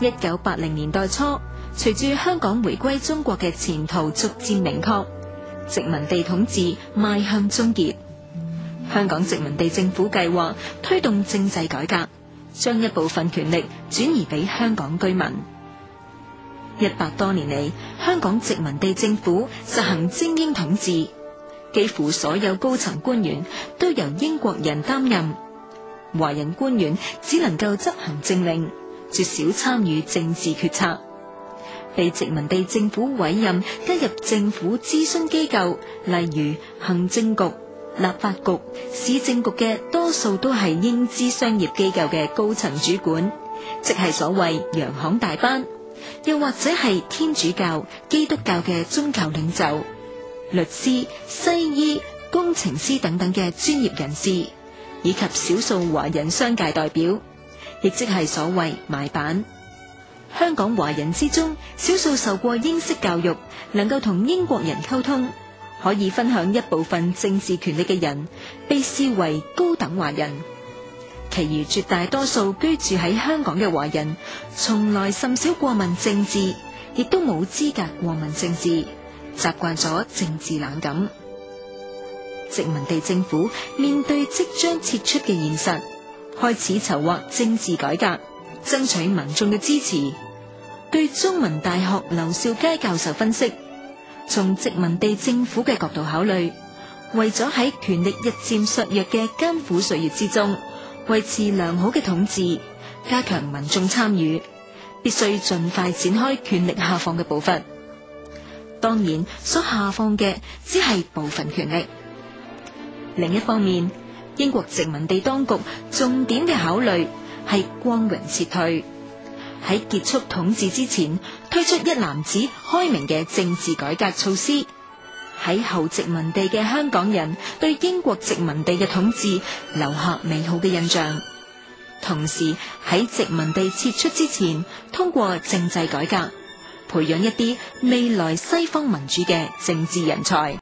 一九八零年代初，隨住香港回歸中國嘅前途逐漸明確，殖民地統治邁向終結。香港殖民地政府計劃推動政制改革，將一部分權力轉移俾香港居民。一百多年嚟，香港殖民地政府實行精英統治，幾乎所有高層官員都由英國人擔任，華人官員只能夠執行政令。極少參與政治決策，被殖民地政府委任加入政府諮詢機構，例如行政局、立法局、市政局嘅，多數都係英資商業機構嘅高層主管，即係所謂洋行大班，又或者係天主教、基督教嘅宗教領袖、律師、西醫、工程師等等嘅專業人士，以及少數華人商界代表。亦即係所謂買辦。香港華人之中，少數受過英式教育，能夠同英國人溝通，可以分享一部分政治權力嘅人，被視為高等華人。其餘絕大多數居住喺香港嘅華人，從來甚少過問政治，亦都冇資格過問政治，習慣咗政治冷感。殖民地政府面對即將撤出嘅現實。開始籌劃政治改革，爭取民眾嘅支持。據中文大學劉少佳教授分析，從殖民地政府嘅角度考慮，為咗喺權力日漸削弱嘅艱苦歲月之中維持良好嘅統治，加強民眾參與，必須盡快展開權力下放嘅步伐。當然，所下放嘅只係部分權力。另一方面。英國殖民地當局重點嘅考慮係光榮撤退，喺結束統治之前推出一籃子開明嘅政治改革措施，喺後殖民地嘅香港人對英國殖民地嘅統治留下美好嘅印象，同時喺殖民地撤出之前通過政制改革，培養一啲未來西方民主嘅政治人才。